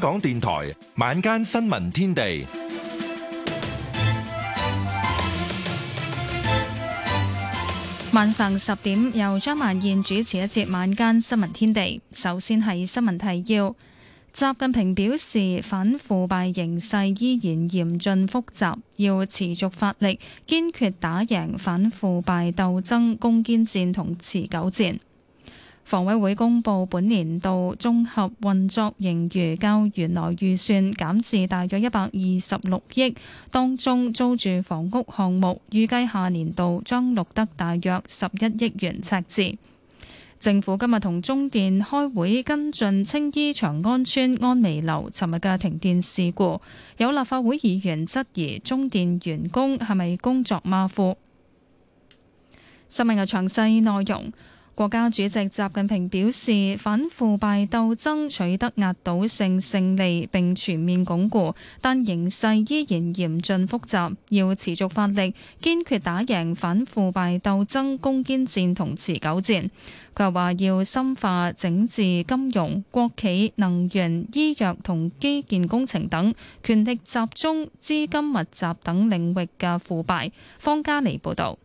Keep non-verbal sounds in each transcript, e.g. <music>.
香港電台晚間新聞天地，晚上十點由張曼燕主持一節晚間新聞天地。首先係新聞提要：習近平表示，反腐敗形勢依然嚴峻複雜，要持續發力，堅決打贏反腐敗鬥爭攻堅戰同持久戰。房委會公布本年度綜合運作盈餘較原來預算減至大約一百二十六億。當中租住房屋項目，預計下年度將錄得大約十一億元赤字。政府今日同中電開會跟進青衣長安村安微樓尋日嘅停電事故，有立法會議員質疑中電員工係咪工作馬虎。新聞嘅詳細內容。國家主席習近平表示，反腐敗鬥爭取得壓倒性勝利並全面鞏固，但形勢依然嚴峻複雜，要持續發力，堅決打贏反腐敗鬥爭攻堅戰同持久戰。佢又話要深化整治金融、國企、能源、醫藥同基建工程等權力集中、資金密集等領域嘅腐敗。方家妮報道。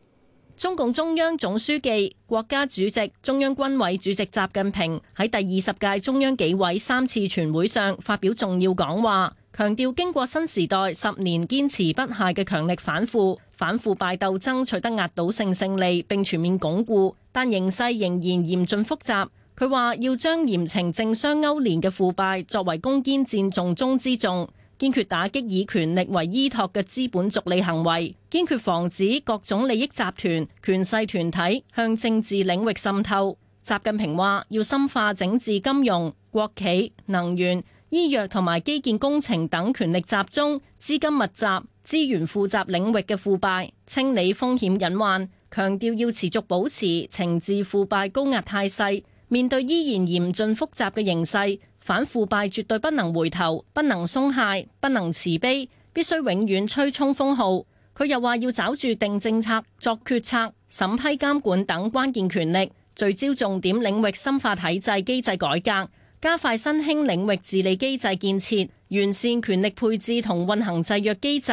中共中央總書記、國家主席、中央軍委主席習近平喺第二十屆中央紀委三次全會上發表重要講話，強調經過新時代十年堅持不懈嘅強力反腐、反腐敗鬥爭取得壓倒性勝利並全面鞏固，但形勢仍然嚴峻複雜。佢話要將嚴懲政商勾連嘅腐敗作為攻堅戰重中之重。堅決打擊以權力為依託嘅資本逐利行為，堅決防止各種利益集團、權勢團體向政治領域滲透。習近平話：要深化整治金融、國企、能源、醫藥同埋基建工程等權力集中、資金密集、資源富集領域嘅腐敗，清理風險隱患。強調要持續保持懲治腐敗高壓態勢，面對依然嚴峻複雜嘅形勢。反腐敗絕對不能回頭，不能鬆懈，不能慈悲，必須永遠吹衝鋒號。佢又話要抓住定政策、作決策、審批監管等關鍵權力，聚焦重點領域深化體制機制改革，加快新興領域治理機制建設，完善權力配置同運行制約機制，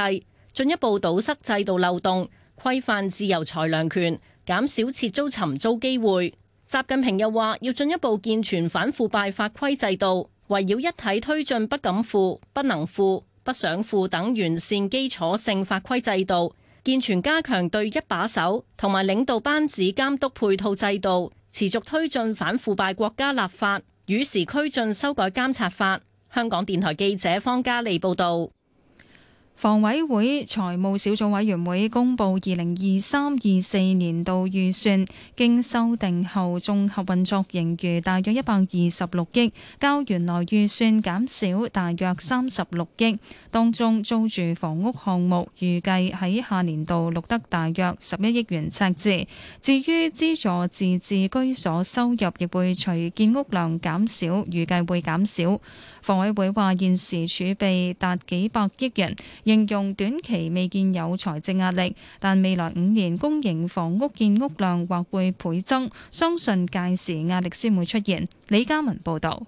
進一步堵塞制度漏洞，規範自由裁量權，減少設租尋租機會。習近平又話，要進一步健全反腐敗法規制度，圍繞一體推進不敢腐、不能腐、不想腐等完善基礎性法規制度，健全加強對一把手同埋領導班子監督配套制度，持續推進反腐敗國家立法，與時俱進修改監察法。香港電台記者方嘉莉報道。房委會財務小組委員會公布二零二三二四年度預算，經修訂後綜合運作盈餘大約一百二十六億，較原來預算減少大約三十六億。當中租住房屋項目預計喺下年度錄得大約十一億元赤字。至於資助自置居所收入，亦會隨建屋量減少，預計會減少。房委會話現時儲備達幾百億元，形容短期未見有財政壓力，但未來五年公營房屋建屋量或會倍增，相信屆時壓力先會出現。李嘉文報導。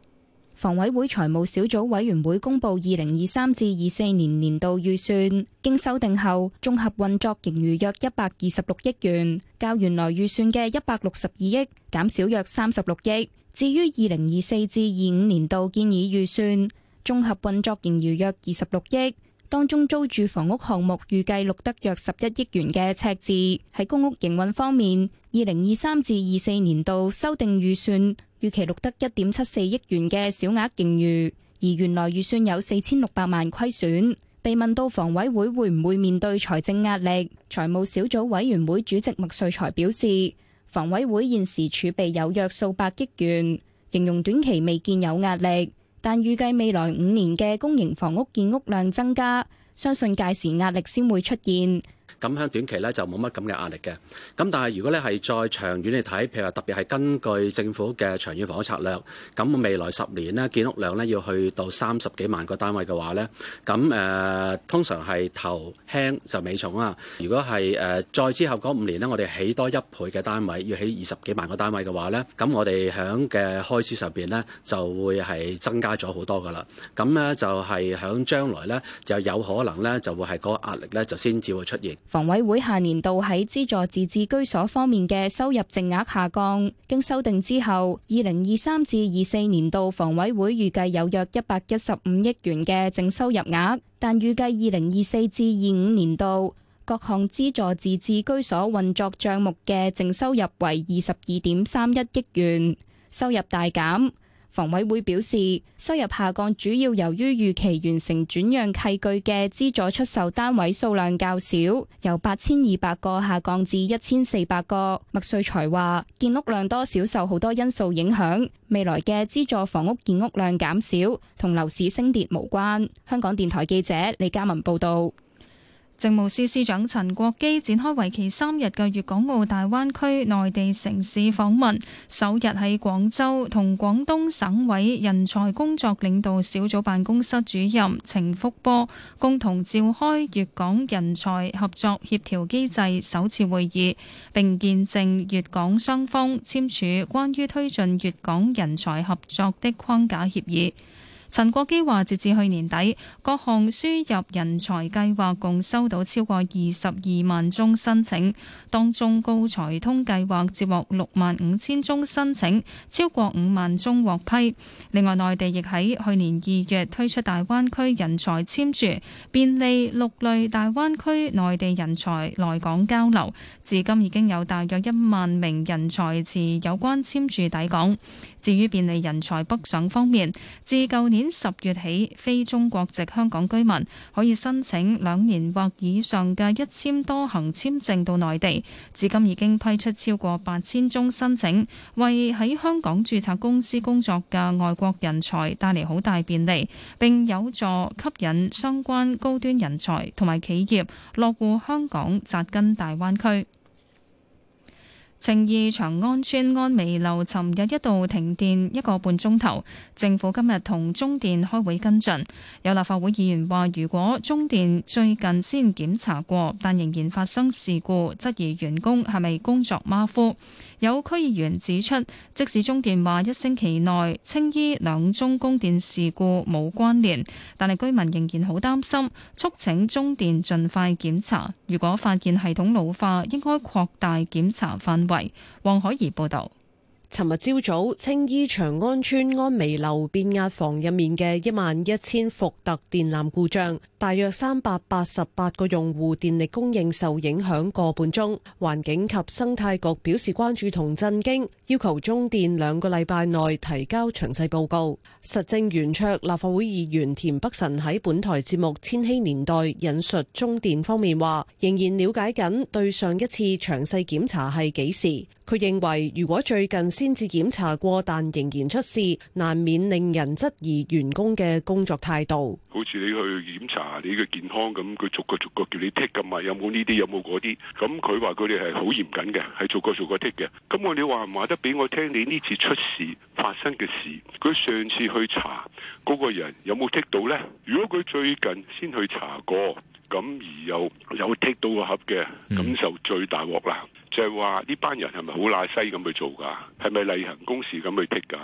房委會財務小組委員會公布二零二三至二四年年度預算，經修訂後，綜合運作盈餘約一百二十六億元，較原來預算嘅一百六十二億減少約三十六億。至於二零二四至二五年度建議預算，綜合運作盈餘約二十六億，當中租住房屋項目預計錄得約十一億元嘅赤字。喺公屋營運方面，二零二三至二四年度修訂預算。預期錄得一點七四億元嘅小額盈餘，而原來預算有四千六百萬虧損。被問到房委會會唔會面對財政壓力，財務小組委員會主席麥瑞才表示，房委會現時儲備有約數百億元，形容短期未見有壓力，但預計未來五年嘅公營房屋建屋量增加，相信屆時壓力先會出現。咁喺短期咧就冇乜咁嘅壓力嘅。咁但係如果咧係再長遠嚟睇，譬如話特別係根據政府嘅長遠房屋策略，咁未來十年呢，建屋量咧要去到三十幾萬個單位嘅話咧，咁誒、呃、通常係頭輕就尾重啊。如果係誒、呃、再之後嗰五年呢，我哋起多一倍嘅單位，要起二十幾萬個單位嘅話咧，咁我哋響嘅開支上邊咧就會係增加咗好多噶啦。咁咧就係響將來咧就有可能咧就會係嗰個壓力咧就先至會出現。房委會下年度喺資助自治居所方面嘅收入淨額下降，經修訂之後，二零二三至二四年度房委會預計有約一百一十五億元嘅淨收入額，但預計二零二四至二五年度各項資助自治居所運作賬目嘅淨收入為二十二點三一億元，收入大減。房委會表示，收入下降主要由於預期完成轉讓契據嘅資助出售單位數量較少，由八千二百個下降至一千四百個。麥瑞才話：建屋量多少受好多因素影響，未來嘅資助房屋建屋量減少，同樓市升跌無關。香港電台記者李嘉文報道。政務司司長陳國基展開為期三日嘅粵港澳大灣區內地城市訪問，首日喺廣州同廣東省委人才工作領導小組辦公室主任程福波共同召開粵港人才合作協調機制首次會議，並見證粵港雙方簽署關於推進粵港人才合作的框架協議。陳國基話：截至去年底，各項輸入人才計劃共收到超過二十二萬宗申請，當中高才通計劃接獲六萬五千宗申請，超過五萬宗獲批。另外，內地亦喺去年二月推出大灣區人才簽注，便利六類大灣區內地人才來港交流。至今已經有大約一萬名人才持有關簽注抵港。至於便利人才北上方面，自舊年十月起，非中國籍香港居民可以申請兩年或以上嘅一簽多行簽證到內地，至今已經批出超過八千宗申請，為喺香港註冊公司工作嘅外國人才帶嚟好大便利，並有助吸引相關高端人才同埋企業落戶香港、扎根大灣區。青衣長安村安湄樓尋日一度停電一個半鐘頭，政府今日同中電開會跟進。有立法會議員話：如果中電最近先檢查過，但仍然發生事故，質疑員工係咪工作馬虎。有區議員指出，即使中電話一星期內青衣兩宗供電事故冇關聯，但係居民仍然好擔心，促請中電盡快檢查。如果發現系統老化，應該擴大檢查範圍。黃海怡報道，尋日朝早，青衣長安邨安微樓變壓房入面嘅一萬一千伏特電纜故障，大約三百八十八個用戶電力供應受影響個半鐘。環境及生態局表示關注同震驚。要求中電兩個禮拜內提交詳細報告。實政圓桌立法會議員田北辰喺本台節目《千禧年代》引述中電方面話，仍然了解緊對上一次詳細檢查係幾時。佢認為，如果最近先至檢查過，但仍然出事，難免令人質疑員工嘅工作態度。好似你去檢查你嘅健康咁，佢逐個逐個叫你剔 i 噶嘛？有冇呢啲？有冇嗰啲？咁佢話佢哋係好嚴謹嘅，係逐個逐個剔嘅。咁我哋話唔話得俾我聽？你呢次出事發生嘅事，佢上次去查嗰、那個人有冇剔到呢？如果佢最近先去查過，咁而又有 t i 到個盒嘅，咁就最大禍啦。就係話呢班人係咪好乸西咁去做㗎？係咪例行公事咁去剔 i 㗎？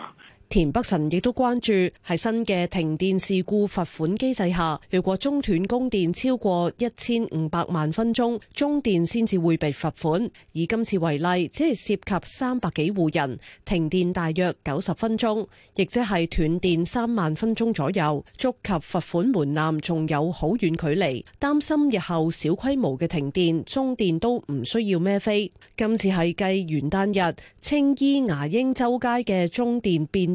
田北辰亦都關注喺新嘅停電事故罰款機制下，若果中斷供電超過一千五百萬分鐘，中電先至會被罰款。以今次為例，只係涉及三百幾戶人，停電大約九十分鐘，亦即係斷電三萬分鐘左右，觸及罰款門檻仲有好遠距離，擔心日後小規模嘅停電中電都唔需要孭飛。今次係繼元旦日，青衣牙英洲街嘅中電變。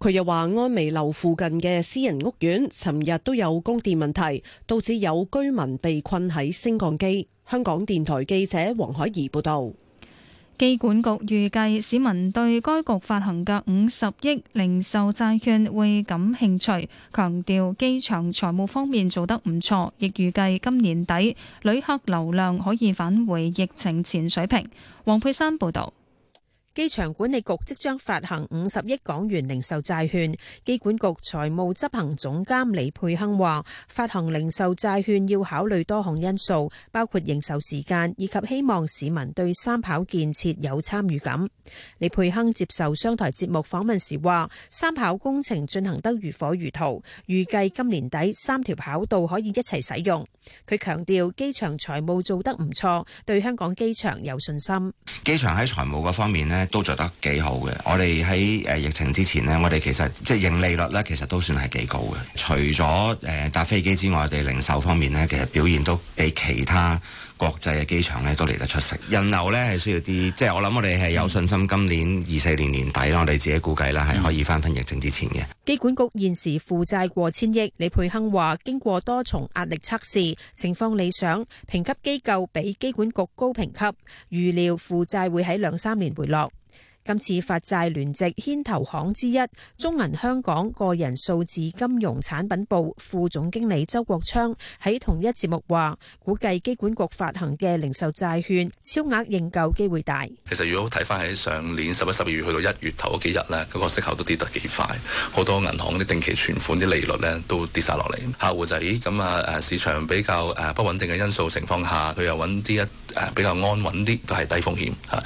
佢又話：安微樓附近嘅私人屋苑，尋日都有供電問題，導致有居民被困喺升降機。香港電台記者黃海怡報導。機管局預計市民對該局發行嘅五十億零售債券會感興趣，強調機場財務方面做得唔錯，亦預計今年底旅客流量可以返回疫情前水平。黃佩珊報導。機場管理局即將發行五十億港元零售債券。機管局財務執行總監李佩亨話，發行零售債券要考慮多項因素，包括零售時間以及希望市民對三跑建設有參與感。李佩亨接受商台節目訪問時話，三跑工程進行得如火如荼，預計今年底三條跑道可以一齊使用。佢強調機場財務做得唔錯，對香港機場有信心。機場喺財務嗰方面呢。都做得幾好嘅。我哋喺誒疫情之前呢，我哋其實即係盈利率呢，其實都算係幾高嘅。除咗誒、呃、搭飛機之外，我哋零售方面呢，其實表現都比其他國際嘅機場呢，都嚟得出色。人流呢，係需要啲，即係我諗我哋係有信心今年二四年年底啦，我哋自己估計啦係可以翻返疫情之前嘅。機、嗯、管局現時負債過千億。李佩亨話，經過多重壓力測試，情況理想，評級機構比機管局高評級，預料負債會喺兩三年回落。今次發債聯席牽頭行之一，中銀香港個人數字金融產品部副總經理周國昌喺同一節目話，估計機管局發行嘅零售債券超額認購機會大。其實如果睇翻喺上年十一、十二月去到一月頭幾日咧，嗰個息口都跌得幾快，好多銀行啲定期存款啲利率咧都跌晒落嚟。客戶就咦咁啊誒，市場比較誒不穩定嘅因素情況下，佢又揾啲一誒比較安穩啲，都係低風險吓，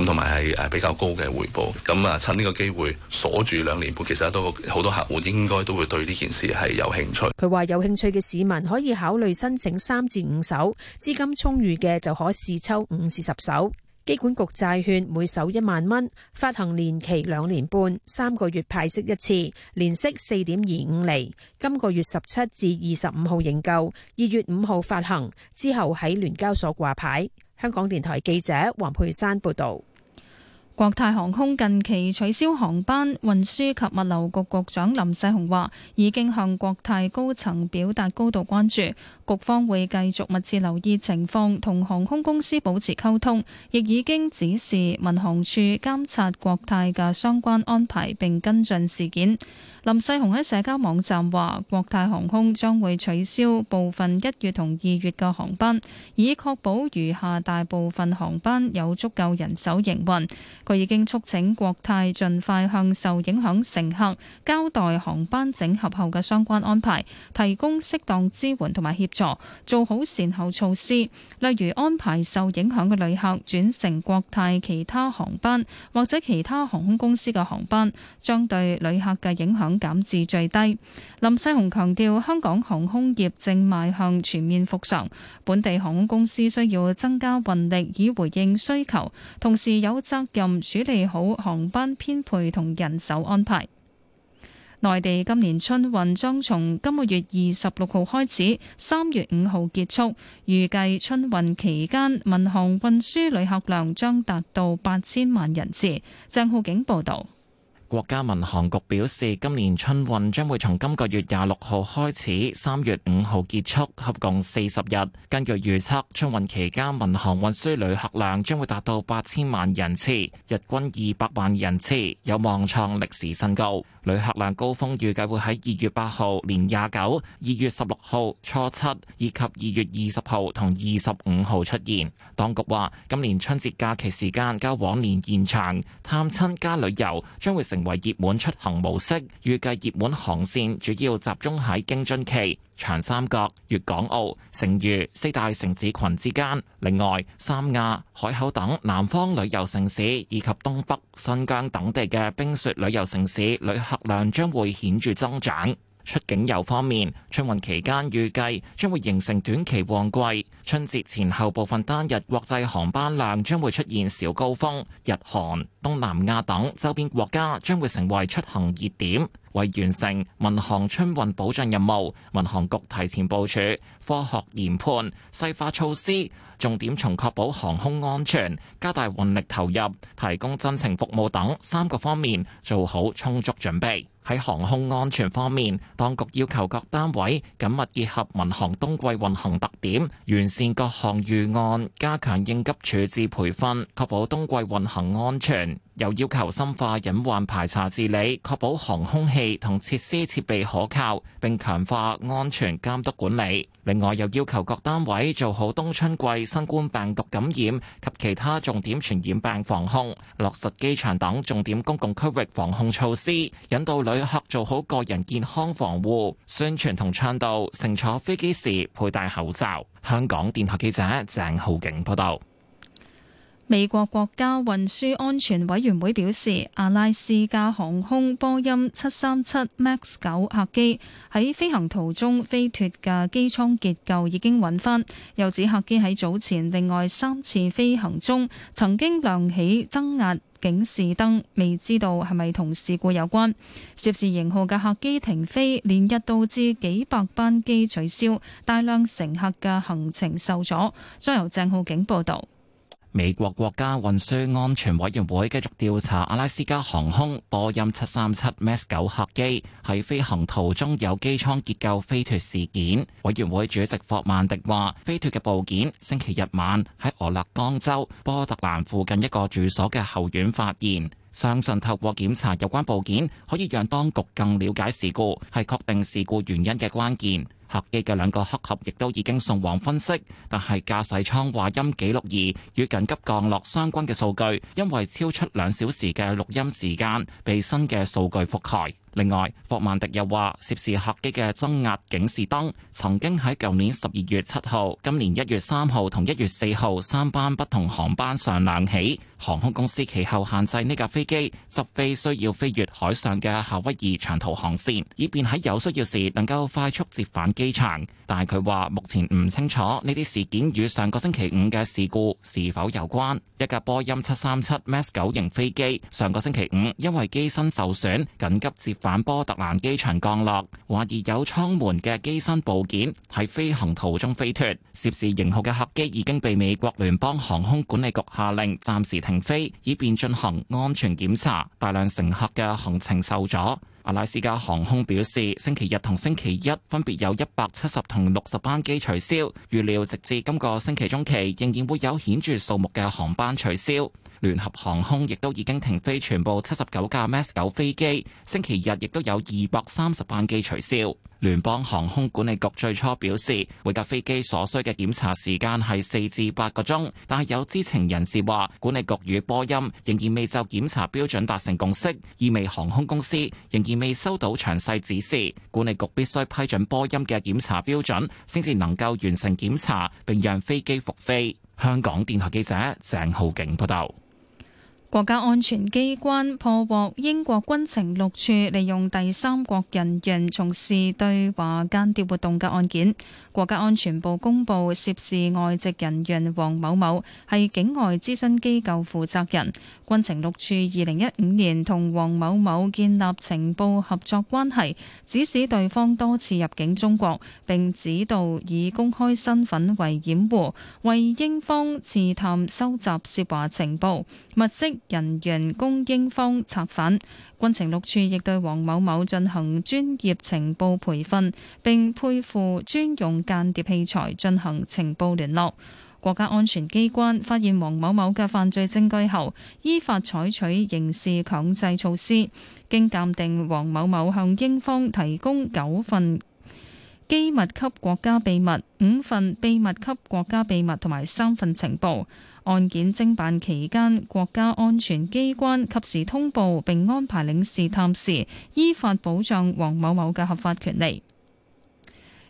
咁同埋係誒比較高嘅嘅回報，咁啊，趁呢個機會鎖住兩年半，其實都好多客戶應該都會對呢件事係有興趣。佢話有興趣嘅市民可以考慮申請三至五手，資金充裕嘅就可試抽五至十手。機管局債券每手一萬蚊，發行年期兩年半，三個月派息一次，年息四點二五厘，今個月十七至二十五號認購，二月五號發行之後，喺聯交所掛牌。香港電台記者黃佩珊報道。國泰航空近期取消航班，運輸及物流局局長林世雄話，已經向國泰高層表達高度關注。局方會繼續密切留意情況，同航空公司保持溝通，亦已經指示民航處監察國泰嘅相關安排並跟進事件。林世雄喺社交網站話國泰航空將會取消部分一月同二月嘅航班，以確保餘下大部分航班有足夠人手營運。佢已經促請國泰盡快向受影響乘客交代航班整合後嘅相關安排，提供適當支援同埋協。做做好善後措施，例如安排受影響嘅旅客轉乘國泰其他航班或者其他航空公司嘅航班，將對旅客嘅影響減至最低。林世雄強調，香港航空業正邁向全面復常，本地航空公司需要增加運力以回應需求，同時有責任處理好航班編配同人手安排。內地今年春運將從今個月二十六號開始，三月五號結束。預計春運期間民航運輸旅客量將達到八千萬人次。鄭浩景報道。國家民航局表示，今年春運將會從今個月廿六號開始，三月五號結束，合共四十日。根據預測，春運期間民航運輸旅客量將會達到八千萬人次，日均二百萬人次，有望創歷史新高。旅客量高峰預計會喺二月八號年廿九、二月十六號初七以及二月二十號同二十五號出現，當局話，今年春節假期時間較往年延長，探親加旅遊將會成為熱門出行模式，預計熱門航線主要集中喺京津期。長三角、粵港澳、成渝四大城市群之間，另外三亞、海口等南方旅遊城市，以及東北、新疆等地嘅冰雪旅遊城市，旅客量將會顯著增長。出境遊方面，春運期間預計將會形成短期旺季，春節前後部分單日國際航班量將會出現小高峰，日韓、東南亞等周邊國家將會成為出行熱點。為完成民航春運保障任務，民航局提前部署、科學研判、細化措施，重點從確保航空安全、加大運力投入、提供真情服務等三個方面做好充足準備。喺航空安全方面，當局要求各單位緊密結合民航冬季運行特點，完善各項預案，加強應急處置培訓，確保冬季運行安全。又要求深化隱患排查治理，確保航空器同設施設備可靠，並強化安全監督管理。另外，又要求各單位做好冬春季新冠病毒感染及其他重點傳染病防控，落實機場等重點公共區域防控措施，引導旅客做好個人健康防護宣傳同倡導，乘坐飛機時佩戴口罩。香港電台記者鄭浩景報道。美國國家運輸安全委員會表示，阿拉斯加航空波音七三七 MAX 九客機喺飛行途中飛脱嘅機艙結構已經搵返，又指客機喺早前另外三次飛行中曾經亮起增壓警示燈，未知道係咪同事故有關。涉事型號嘅客機停飛，連日導致幾百班機取消，大量乘客嘅行程受阻。將由鄭浩景報導。美國國家運輸安全委員會繼續調查阿拉斯加航空波音 737MAX 九客機喺飛行途中有機艙結構飛脫事件。委員會主席霍曼迪話，飛脫嘅部件星期日晚喺俄勒岡州波特蘭附近一個住所嘅後院發現。相信透過檢查有關部件，可以讓當局更了解事故，係確定事故原因嘅關鍵。客機嘅兩個黑盒亦都已經送往分析，但係駕駛艙話音記錄儀與緊急降落相關嘅數據，因為超出兩小時嘅錄音時間，被新嘅數據覆蓋。另外，霍曼迪又話，涉事客機嘅增壓警示燈曾經喺舊年十二月七號、今年一月三號同一月四號三班不同航班上亮起。航空公司其後限制呢架飛機執飛需要飛越海上嘅夏威夷長途航線，以便喺有需要時能夠快速折返機場。但係佢話目前唔清楚呢啲事件與上個星期五嘅事故是否有關。一架波音七三七 Max 九型飛機上個星期五因為機身受損，緊急折反波特蘭機場降落，懷疑有艙門嘅機身部件喺飛行途中飛脱，涉事型號嘅客機已經被美國聯邦航空管理局下令暫時停飛，以便進行安全檢查。大量乘客嘅行程受阻。阿拉斯加航空表示，星期日同星期一分別有一百七十同六十班機取消，預料直至今個星期中期仍然會有顯著數目嘅航班取消。聯合航空亦都已經停飛全部七十九架 Max 九飛機，星期日亦都有二百三十班機取消。聯邦航空管理局最初表示，每架飛機所需嘅檢查時間係四至八個鐘，但係有知情人士話，管理局與波音仍然未就檢查標準達成共識，意味航空公司仍然未收到詳細指示。管理局必須批准波音嘅檢查標準，先至能夠完成檢查並讓飛機復飛。香港電台記者鄭浩景報道。國家安全機關破獲英國軍情六處利用第三國人員從事對華間諜活動嘅案件。國家安全部公佈涉事外籍人員黃某某係境外諮詢機構負責人，軍情六處二零一五年同黃某某建立情報合作關係，指使對方多次入境中國，並指導以公開身份為掩護，為英方刺探收集涉華情報，物色人員供英方策反。軍情六處亦對黃某某進行專業情報培訓，並配付專用間諜器材進行情報聯絡。國家安全機關發現黃某某嘅犯罪證據後，依法採取刑事強制措施。經鑑定，黃某某向英方提供九份。機密級國家秘密五份，秘密級國家秘密同埋三份情報。案件偵辦期間，國家安全機關及時通報並安排領事探視，依法保障黃某某嘅合法權利。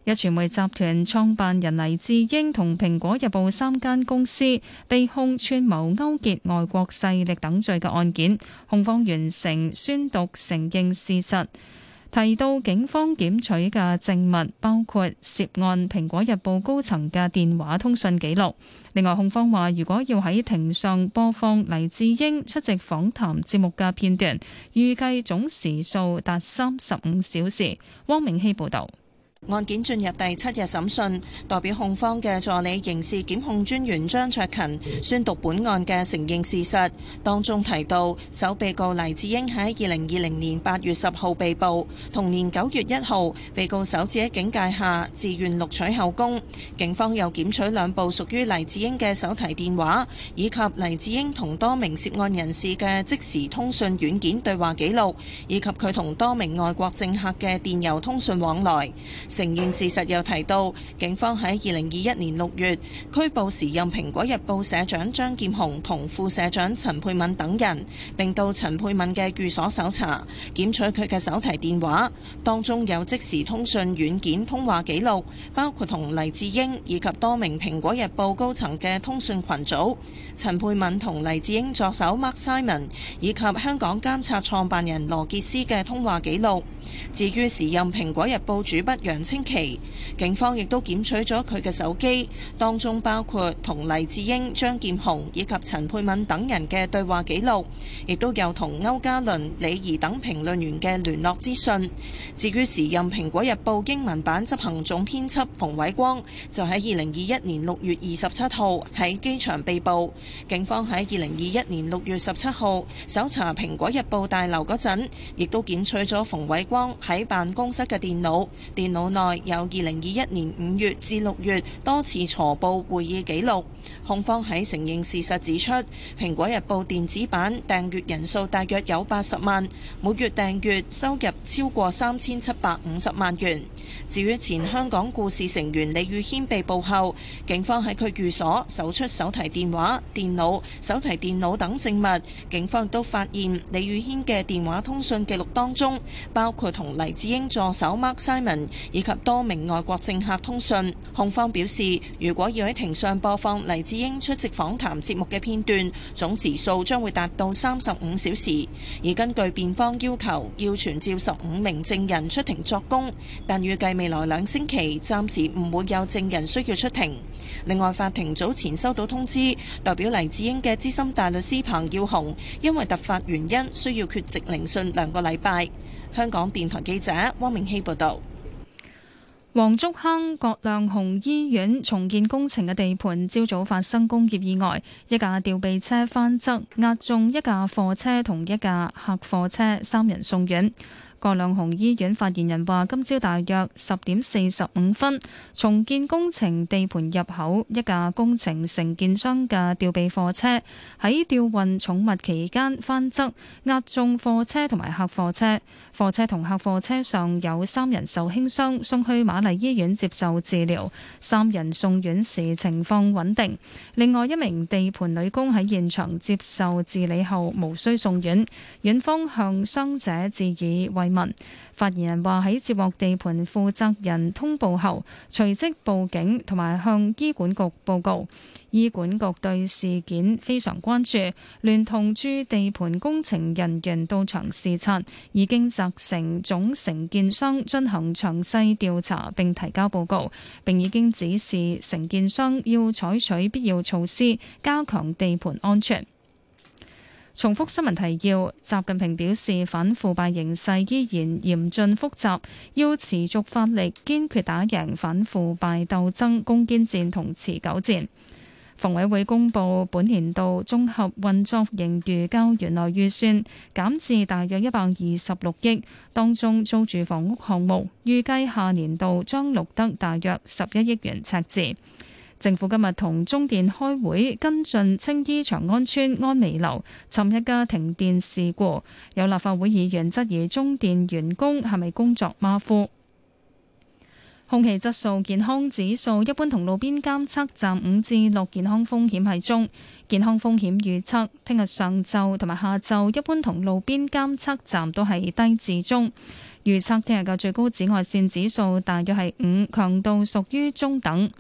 壹傳媒集團創辦人黎智英同蘋果日報三間公司被控串謀勾結外國勢力等罪嘅案件，控方完成宣讀承認事實。提到警方檢取嘅證物包括涉案《蘋果日報》高層嘅電話通訊記錄。另外控方話，如果要喺庭上播放黎智英出席訪談節目嘅片段，預計總時數達三十五小時。汪明熙報導。案件進入第七日審訊，代表控方嘅助理刑事檢控專員張卓勤宣讀本案嘅承認事實，當中提到，首被告黎智英喺二零二零年八月十號被捕，同年九月一號，被告首次喺警戒下自願錄取口供，警方又檢取兩部屬於黎智英嘅手提電話，以及黎智英同多名涉案人士嘅即時通訊軟件對話記錄，以及佢同多名外國政客嘅電郵通訊往來。承認事實又提到，警方喺二零二一年六月拘捕時任蘋果日報社長張劍虹同副社長陳佩敏等人，並到陳佩敏嘅寓所搜查，檢取佢嘅手提電話，當中有即時通訊軟件通話記錄，包括同黎智英以及多名蘋果日報高層嘅通訊群組，陳佩敏同黎智英助手 Mark Simon，以及香港監察創辦人羅傑斯嘅通話記錄。至於時任《蘋果日報》主筆楊清奇，警方亦都檢取咗佢嘅手機，當中包括同黎智英、張劍虹以及陳佩敏等人嘅對話記錄，亦都有同歐嘉倫、李怡等評論員嘅聯絡資訊。至於時任《蘋果日報》英文版執行總編輯馮偉光，就喺二零二一年六月二十七號喺機場被捕。警方喺二零二一年六月十七號搜查《蘋果日報》大樓嗰陣，亦都檢取咗馮偉光。警方喺辦公室嘅電腦，電腦內有二零二一年五月至六月多次挫報會議記錄。控方喺承認事實指出，蘋果日報電子版訂閱人數大約有八十萬，每月訂閱收入超過三千七百五十萬元。至於前香港故事成員李宇軒被捕後，警方喺佢寓所搜出手提電話、電腦、手提電腦等證物。警方亦都發現李宇軒嘅電話通訊記錄當中，包括。同黎智英助手 Mark Simon 以及多名外國政客通訊。控方表示，如果要喺庭上播放黎智英出席訪談節目嘅片段，總時數將會達到三十五小時。而根據辯方要求，要傳召十五名證人出庭作供，但預計未來兩星期暫時唔會有證人需要出庭。另外，法庭早前收到通知，代表黎智英嘅資深大律師彭耀雄因為突發原因需要缺席聆訊兩個禮拜。香港電台記者汪明希報道：黃竹坑葛量洪醫院重建工程嘅地盤，朝早發生工業意外，一架吊臂車翻側，壓中一架貨車同一架客貨車，三人送院。國亮紅醫院發言人話：今朝大約十點四十五分，重建工程地盤入口一架工程承建商嘅吊臂貨車喺吊運重物期間翻側，壓中貨車同埋客貨車。貨車同客貨車上有三人受輕傷，送去瑪麗醫院接受治療，三人送院時情況穩定。另外一名地盤女工喺現場接受治理後，無需送院。院方向傷者致以慰問發言人話：喺接獲地盤負責人通報後，隨即報警同埋向醫管局報告。醫管局對事件非常關注，聯同駐地盤工程人員到場視察，已經責成總承建商進行詳細調查並提交報告，並已經指示承建商要採取必要措施加強地盤安全。重複新聞提要，習近平表示反腐敗形勢依然嚴峻複雜，要持續發力，堅決打贏反腐敗鬥爭攻堅戰同持久戰。房委會公布本年度綜合運作盈餘較原來預算，減至大約一百二十六億，當中租住房屋項目預計下年度將錄得大約十一億元赤字。政府今日同中電開會跟進青衣長安村安湄樓尋一家停電事故，有立法會議員質疑中電員工係咪工作馬虎？空氣質素健康指數一般同路邊監測站五至六，健康風險係中。健康風險預測聽日上晝同埋下晝一般同路邊監測站都係低至中。預測聽日嘅最高紫外綫指數大約係五，強度屬於中等。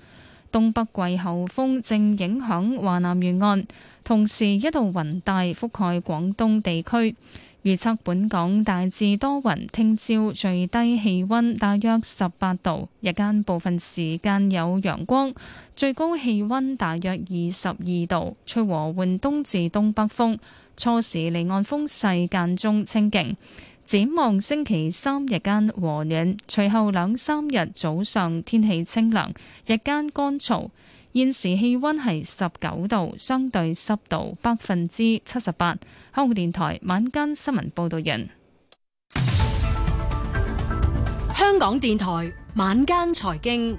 東北季候風正影響華南沿岸，同時一道雲帶覆蓋廣東地區。預測本港大致多雲，聽朝最低氣温大約十八度，日間部分時間有陽光，最高氣温大約二十二度，吹和緩東至東北風，初時離岸風勢間中清勁。展望星期三日間和暖，隨後兩三日早上天氣清涼，日間乾燥。現時氣溫係十九度，相對濕度百分之七十八。香港電台晚間新聞報道員。香港電台晚間財經，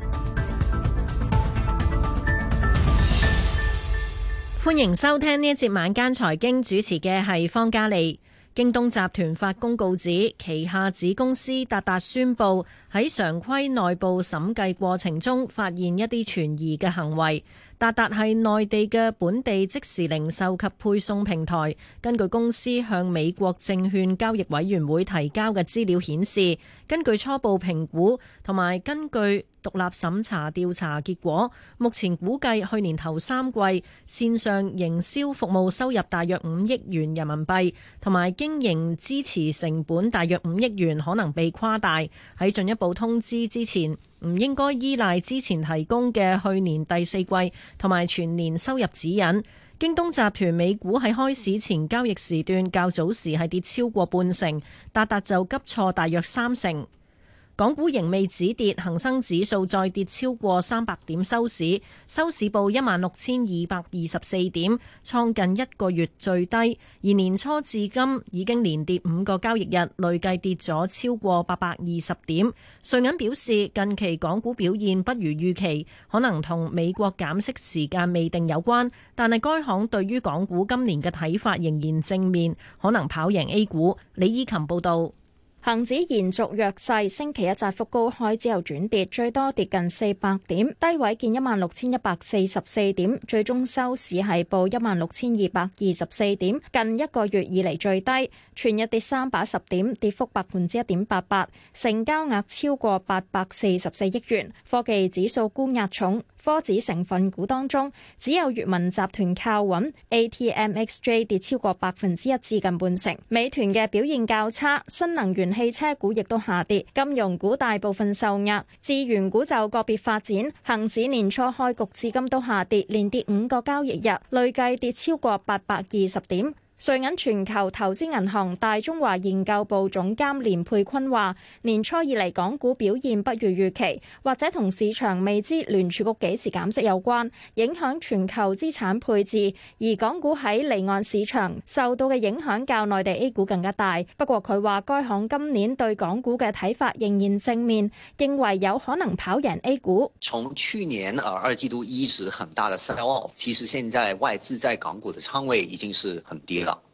歡迎收聽呢一節晚間財經，主持嘅係方嘉莉。京東集團發公告指，旗下子公司達達宣布喺常規內部審計過程中發現一啲存疑嘅行為。達達係內地嘅本地即時零售及配送平台。根據公司向美國證券交易委員會提交嘅資料顯示，根據初步評估同埋根據獨立審查調查結果，目前估計去年頭三季綫上營銷服務收入大約五億元人民幣，同埋經營支持成本大約五億元，可能被誇大。喺進一步通知之前，唔應該依賴之前提供嘅去年第四季同埋全年收入指引。京東集團美股喺開市前交易時段較早時係跌超過半成，達達就急挫大約三成。港股仍未止跌，恒生指數再跌超過三百點收市，收市報一萬六千二百二十四點，創近一個月最低。而年初至今已經連跌五個交易日，累計跌咗超過八百二十點。瑞銀表示，近期港股表現不如預期，可能同美國減息時間未定有關，但係該行對於港股今年嘅睇法仍然正面，可能跑贏 A 股。李依琴報道。恒指延續弱勢，星期一窄幅高開之後轉跌，最多跌近四百點，低位見一萬六千一百四十四點，最終收市係報一萬六千二百二十四點，近一個月以嚟最低。全日跌三百一十點，跌幅百分之一點八八，成交額超過八百四十四億元，科技指數沽壓重。科指成分股當中，只有閱文集團靠穩，ATMXJ 跌超過百分之一至近半成。美團嘅表現較差，新能源汽車股亦都下跌，金融股大部分受壓，資源股就個別發展。恆指年初開局至今都下跌，連跌五個交易日，累計跌超過八百二十點。瑞銀全球投資銀行大中華研究部總監連佩坤話：年初以嚟，港股表現不如預期，或者同市場未知聯儲局幾時減息有關，影響全球資產配置。而港股喺離岸市場受到嘅影響較內地 A 股更加大。不過佢話，該行今年對港股嘅睇法仍然正面，認為有可能跑贏 A 股。從去年二季度一直很大的 sell off，其實現在外資在港股嘅倉位已經是很低啦。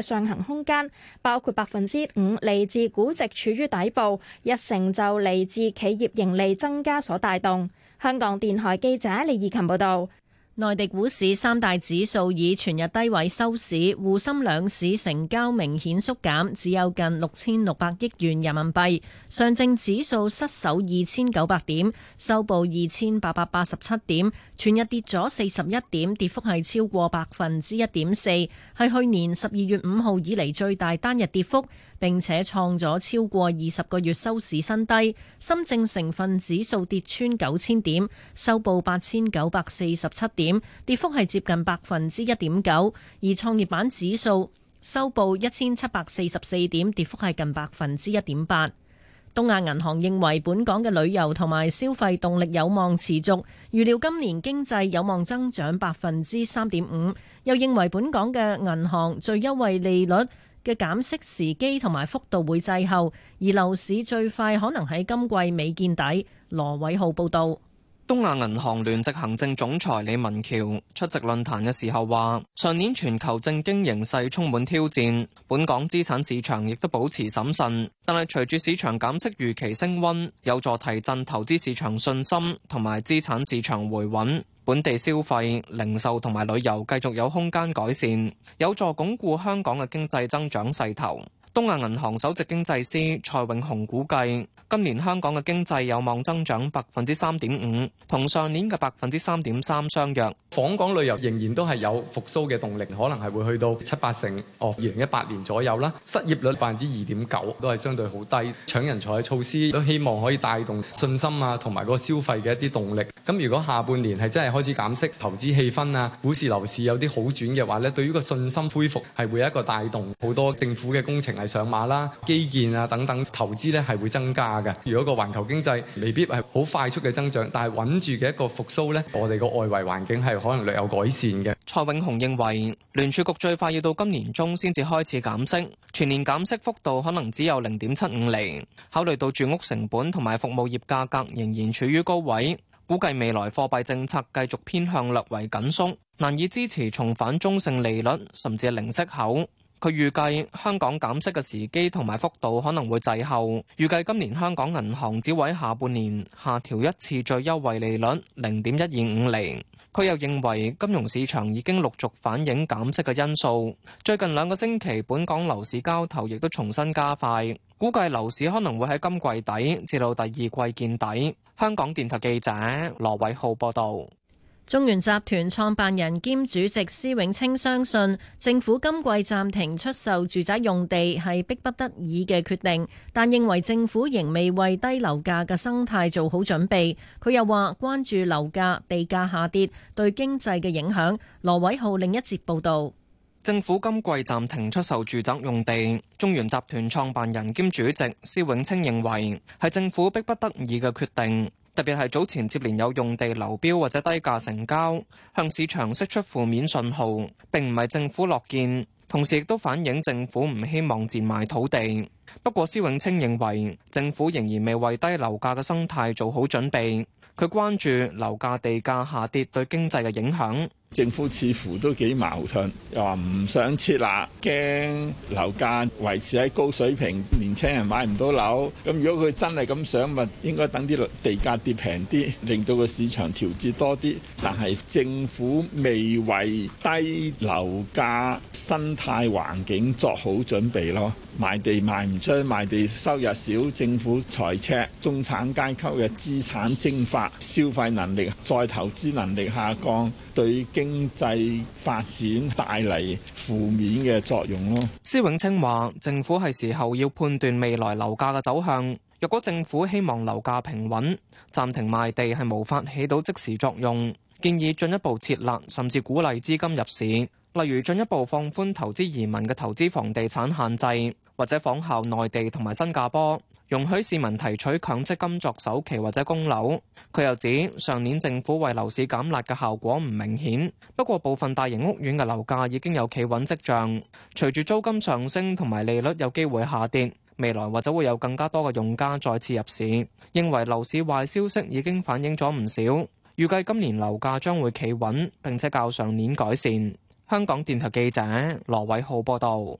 上行空間包括百分之五嚟自估值處於底部，一成就嚟自企業盈利增加所帶動。香港電台記者李義琴報道。內地股市三大指數以全日低位收市，滬深兩市成交明顯縮減，只有近六千六百億元人民幣。上證指數失守二千九百點，收報二千八百八十七點，全日跌咗四十一點，跌幅係超過百分之一點四，係去年十二月五號以嚟最大單日跌幅。並且創咗超過二十個月收市新低，深證成分指數跌穿九千點，收報八千九百四十七點，跌幅係接近百分之一點九；而創業板指數收報一千七百四十四點，跌幅係近百分之一點八。東亞銀行認為本港嘅旅遊同埋消費動力有望持續，預料今年經濟有望增長百分之三點五，又認為本港嘅銀行最優惠利率嘅減息時機同埋幅度會滯後，而樓市最快可能喺今季尾見底。羅偉浩報道，東亞銀行聯席行政總裁李文橋出席論壇嘅時候話：上年全球政經形勢充滿挑戰，本港資產市場亦都保持審慎，但係隨住市場減息預期升溫，有助提振投資市場信心同埋資產市場回穩。本地消費、零售同埋旅遊繼續有空間改善，有助鞏固香港嘅經濟增長勢頭。東亞銀行首席經濟師蔡永雄估計，今年香港嘅經濟有望增長百分之三點五，同上年嘅百分之三點三相若。訪港旅遊仍然都係有復甦嘅動力，可能係會去到七八成，哦二零一八年左右啦。失業率百分之二點九都係相對好低，搶人才嘅措施都希望可以帶動信心啊，同埋個消費嘅一啲動力。咁如果下半年係真係開始減息，投資氣氛啊，股市樓市有啲好轉嘅話咧，對於個信心恢復係會有一個帶動好多政府嘅工程啊。上馬啦、基建啊等等投資咧，係會增加嘅。如果個環球經濟未必係好快速嘅增長，但係穩住嘅一個復甦咧，我哋個外圍環境係可能略有改善嘅。蔡永雄認為聯儲局最快要到今年中先至開始減息，全年減息幅度可能只有零點七五厘。考慮到住屋成本同埋服務業價格仍然處於高位，估計未來貨幣政策繼續偏向略為緊縮，難以支持重返中性利率，甚至零息口。佢預計香港減息嘅時機同埋幅度可能會滯後，預計今年香港銀行只會下半年下調一次最優惠利率零點一二五釐。佢又認為金融市場已經陸續反映減息嘅因素，最近兩個星期本港樓市交投亦都重新加快，估計樓市可能會喺今季底至到第二季見底。香港電台記者羅偉浩報道。中原集團創辦人兼主席施永青相信政府今季暫停出售住宅用地係逼不得已嘅決定，但認為政府仍未為低樓價嘅生態做好準備。佢又話關注樓價、地價下跌對經濟嘅影響。羅偉浩另一節報導，政府今季暫停出售住宅用地，中原集團創辦人兼主席施永青認為係政府逼不得已嘅決定。特別係早前接連有用地流標或者低價成交，向市場釋出負面信號，並唔係政府樂見，同時亦都反映政府唔希望賤賣土地。不過，施永青認為政府仍然未為低樓價嘅生態做好準備。佢關注樓價地價下跌對經濟嘅影響。政府似乎都幾矛盾，又話唔想設立，驚樓價維持喺高水平，年輕人買唔到樓。咁如果佢真係咁想，咪應該等啲地價跌平啲，令到個市場調節多啲。但係政府未為低樓價生態環境作好準備咯，賣地賣唔出，賣地收入少，政府財赤，中產階級嘅資產蒸發，消費能力、再投資能力下降。對經濟發展帶嚟負面嘅作用咯。施永青話，政府係時候要判斷未來樓價嘅走向。若果政府希望樓價平穩，暫停賣地係無法起到即時作用，建議進一步設立，甚至鼓勵資金入市，例如進一步放寬投資移民嘅投資房地產限制，或者仿效內地同埋新加坡。容許市民提取強積金作首期或者供樓。佢又指上年政府為樓市減辣嘅效果唔明顯，不過部分大型屋苑嘅樓價已經有企穩跡象。隨住租金上升同埋利率有機會下跌，未來或者會有更加多嘅用家再次入市。認為樓市壞消息已經反映咗唔少，預計今年樓價將會企穩並且較上年改善。香港電台記者羅偉浩報道。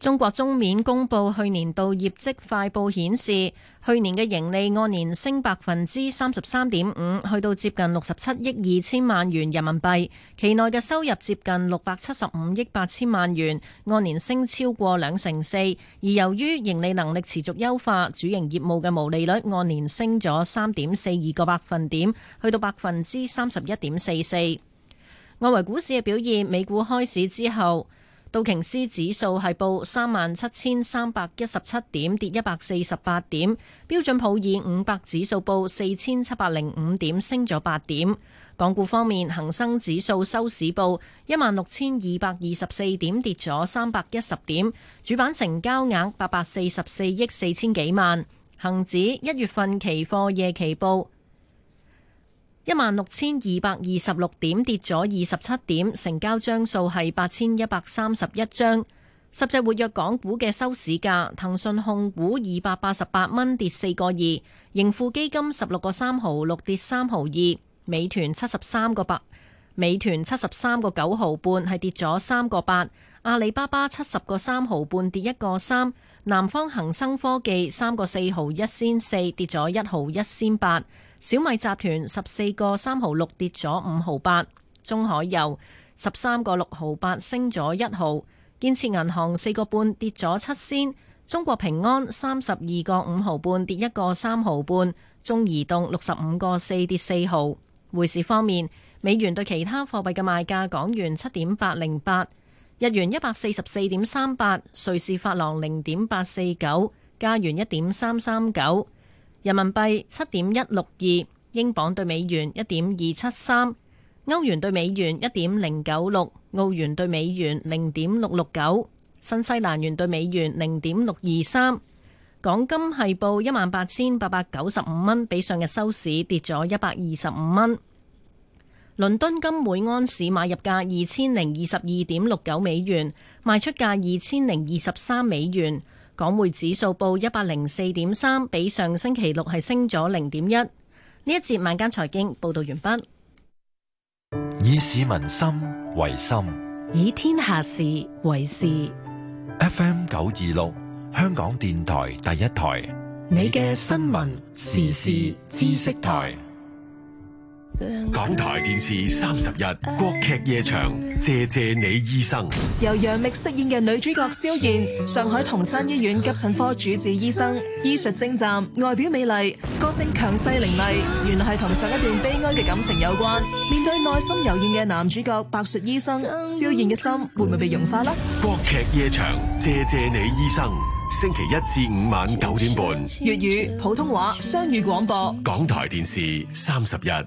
中國中免公布去年度業績快報，顯示去年嘅盈利按年升百分之三十三點五，去到接近六十七億二千萬元人民幣。期內嘅收入接近六百七十五億八千萬元，按年升超過兩成四。而由於盈利能力持續優化，主營業務嘅毛利率按年升咗三點四二個百分點，去到百分之三十一點四四。外圍股市嘅表現，美股開市之後。道瓊斯指數係報三萬七千三百一十七點，跌一百四十八點。標準普爾五百指數報四千七百零五點，升咗八點。港股方面，恒生指數收市報一萬六千二百二十四點，跌咗三百一十點。主板成交額八百四十四億四千幾萬。恒指一月份期貨夜期報。一萬六千二百二十六點跌咗二十七點，成交張數係八千一百三十一張。十隻活躍港股嘅收市價，騰訊控股二百八十八蚊跌四個二，盈富基金十六個三毫六跌三毫二，美團七十三個八，美團七十三個九毫半係跌咗三個八，阿里巴巴七十個三毫半跌一個三，南方恒生科技三個四毫一仙四跌咗一毫一仙八。小米集團十四個三毫六跌咗五毫八，中海油十三個六毫八升咗一毫，建設銀行四個半跌咗七仙，中國平安三十二個五毫半跌一個三毫半，中移動六十五個四跌四毫。匯市方面，美元對其他貨幣嘅賣價：港元七點八零八，日元一百四十四點三八，瑞士法郎零點八四九，加元一點三三九。人民幣七點一六二，英鎊對美元一點二七三，歐元對美元一點零九六，澳元對美元零點六六九，新西蘭元對美元零點六二三。港金係報一萬八千八百九十五蚊，比上日收市跌咗一百二十五蚊。倫敦金每安士買入價二千零二十二點六九美元，賣出價二千零二十三美元。港匯指數報一百零四點三，比上星期六係升咗零點一。呢一節晚間財經報道完畢。以市民心為心，以天下事為事。FM 九二六，香港電台第一台，你嘅新聞時事知識台。港台電視三十日國劇夜場，謝謝你醫生。由楊冪飾演嘅女主角蕭燕，上海同山醫院急診科主治醫生，醫術精湛，外表美麗，個性強勢凌厲。原來係同上一段悲哀嘅感情有關。面對內心柔軟嘅男主角白術醫生，蕭燕嘅心會唔會被融化呢？國劇夜場，謝謝你醫生。星期一至五晚九點半，粵語、普通話雙語廣播。港台電視三十日。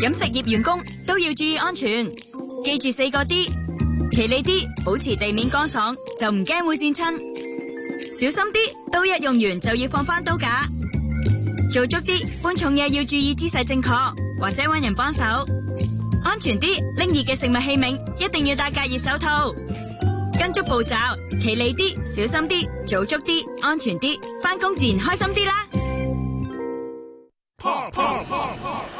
飲食業員工都要注意安全，記住四個 D，企理啲，保持地面乾爽，就唔驚會跣親。小心啲，刀一用完就要放返刀架。做足啲，搬重嘢要注意姿勢正確，或者揾人幫手。安全啲，拎熱嘅食物器皿一定要戴隔熱手套。跟足步驟，企理啲，小心啲，做足啲，安全啲，返工自然開心啲啦。怕怕怕怕！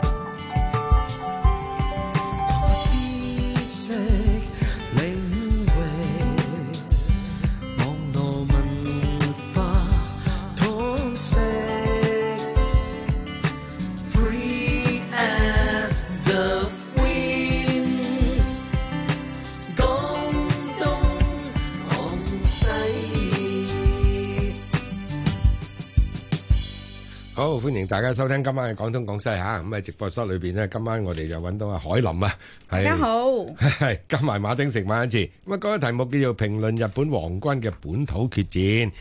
好，好，歡迎大家收聽今晚嘅廣東廣西吓，咁、啊、喺、嗯、直播室裏邊呢，今晚我哋就揾到阿海林啊，大家好，係加埋馬丁食晚一次，咁啊嗰個題目叫做評論日本皇軍嘅本土決戰，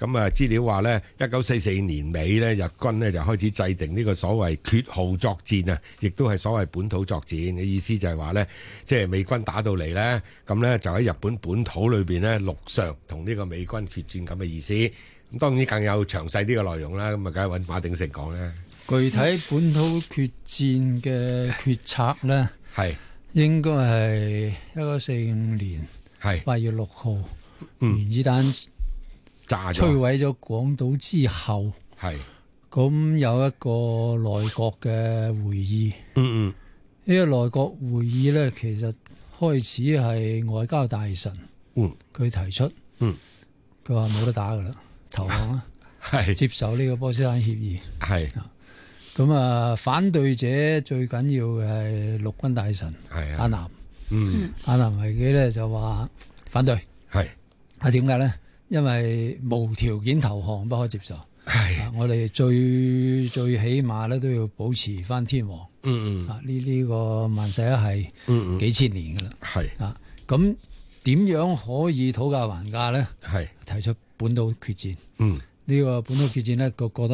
咁啊資料話呢，一九四四年尾呢，日軍呢就開始制定呢個所謂決號作戰啊，亦都係所謂本土作戰嘅意思，就係話呢，即係美軍打到嚟呢，咁呢就喺日本本土裏邊呢，陸上同呢個美軍決戰咁嘅意思。咁當然更有詳細啲嘅內容啦。咁啊，梗係揾馬鼎成講咧。具體本土決戰嘅決策咧，係應該係一九四五年八月六號，嗯、原子彈炸摧毀咗廣島之後，係咁是是有一個內閣嘅會議。嗯嗯，呢個內閣會議咧，其實開始係外交大臣，佢、嗯、提出，嗯，佢話冇得打噶啦。投降啊！係接受呢個波斯坦協議係。咁啊，反對者最緊要嘅係陸軍大臣阿南，嗯，阿南維基咧就話反對，係。啊點解咧？因為無條件投降不可接受。係，我哋最最起碼咧都要保持翻天皇，嗯嗯，啊呢呢個萬世一系，幾千年噶啦，係。啊，咁點樣可以討價還價咧？係提出。本土決戰，呢個本土決戰咧，個 <noise> 個。